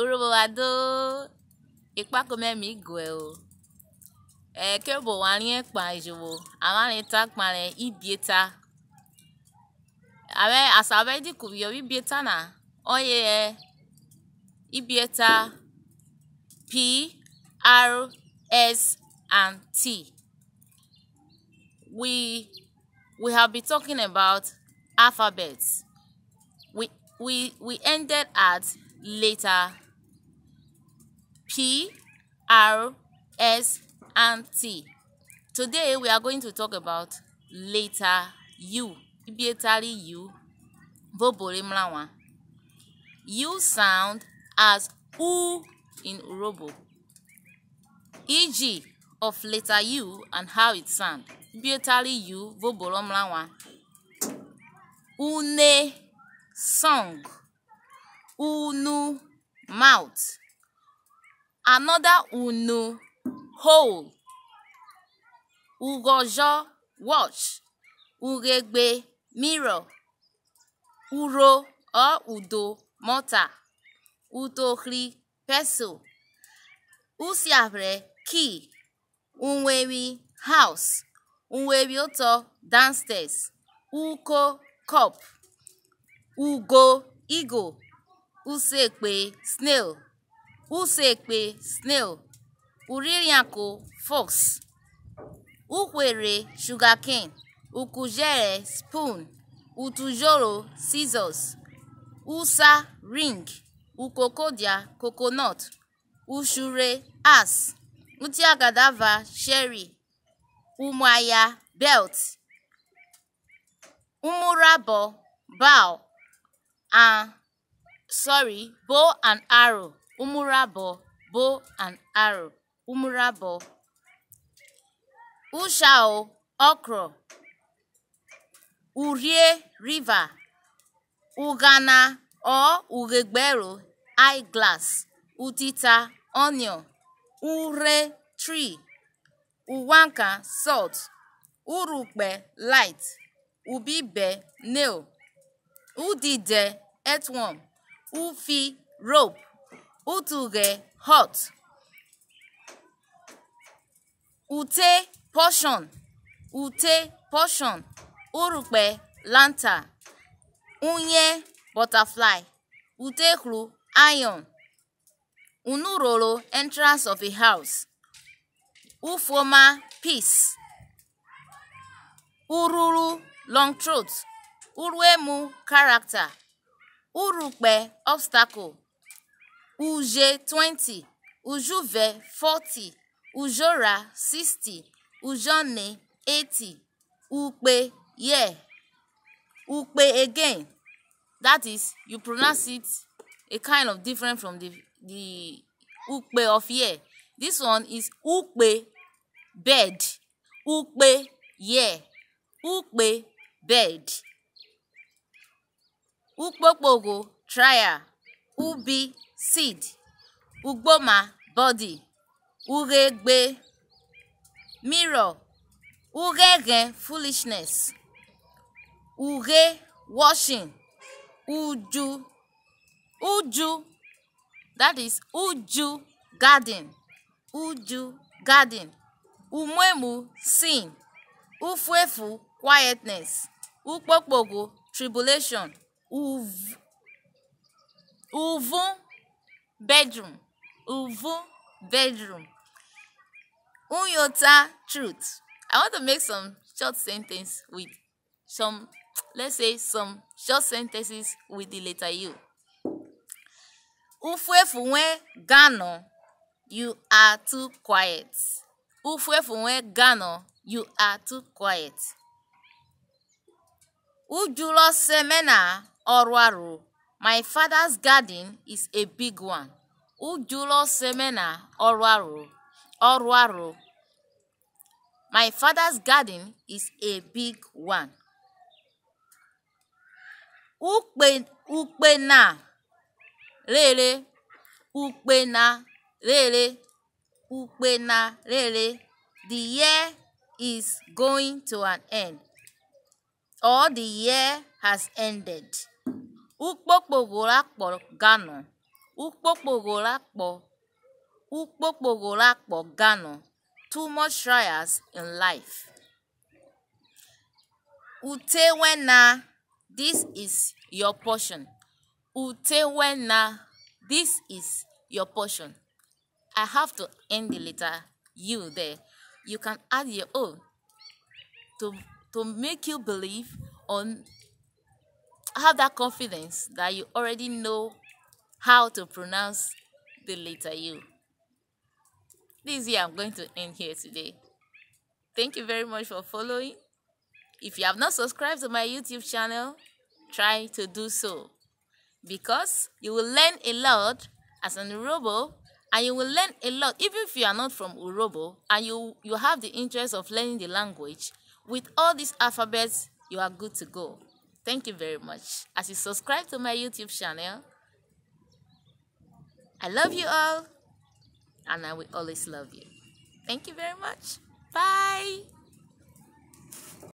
Orobo ado ikpako mẹ́mi gọ̀ẹ́ o. E kebo wani ekpa ijowo. Amane tak mane ibieta. Awe asabe di kubio ibieta na. Oye e. Ibieta. P R S and T. We we have been talking about alphabets. We we we ended at letter P, R, S, and T. Today we are going to talk about letter U. Ibi etari U. Bobore mlawa. U sound as U in Urobo. E.g. of letter U and how it sound. Ibi etari U. Bobore mlawa. Une song. Unu mouth another unu hole ugojo watch uregbe mirror uro or udo motor utohri pestle usiavre key unweri house unweri ụtọ downstairs uko cup ugo Eagle. usekpe snail usekpe snail uriakụ fox ukwere sugarcane ukujere spoon utujoro scissors usa ring ukokodia coconut usure ass ntiagadava sherry umaya belt umurabo bow and sorry bow and arrow umurabo, bow and arrow, umurabo. Ushao, okro Urie, river. Ugana or ugegbero, eyeglass. Utita, onion. Ure, tree. Uwanka, salt. urukpe light. Ubibe, nail. Udide, earthworm. Ufi, rope. utuge hot ute portion ute portion urukpe lantern unye butterfly uteklu iron unuroro entrance of a house Ufoma peace ururu long throat uruemu character urukpe obstacle Uje twenty, Ujuve forty, Ujora sixty, Ujone eighty, Upe yeah. Upe again. That is, you pronounce it a kind of different from the the Upe of here. This one is Upe bed. Upe yeah. Upe bed. pogo trial ubi seed ugboma body uregbe mirror urege foolishness ure washing uju uju that is uju garden uju garden Umuemu sin ufuefu quietness ukpokpogo tribulation uv Uvu bedroom. Uvu bedroom. Unyota truth. I want to make some short sentence with some, let's say, some short sentences with the letter U. Ufwefuwe gano, you are too quiet. Ufwefuwe gano, you are too quiet. Ujulo semena orwaru. My father's garden is a big one. Ujulo semena oruaru. Oruaru. My father's garden is a big one. Ukpe ukpena rere. Ukpena rere. Ukpena rere. The year is going to an end. Or the year has ended. Ukpokpogo la kpɔ ganɔ. Ukpokpogo la kpɔ. Ukpokpogo la kpɔ ganɔ. Too much trials in life. Utewena, this is your portion. Utewena, this is your portion. I have to end the letter You there. You can add your own to, to make you believe on have that confidence that you already know how to pronounce the letter U. This year I'm going to end here today. Thank you very much for following. If you have not subscribed to my YouTube channel, try to do so because you will learn a lot as an Urobo and you will learn a lot even if you are not from Urobo and you, you have the interest of learning the language. With all these alphabets, you are good to go. Thank you very much. As you subscribe to my YouTube channel, I love you all and I will always love you. Thank you very much. Bye.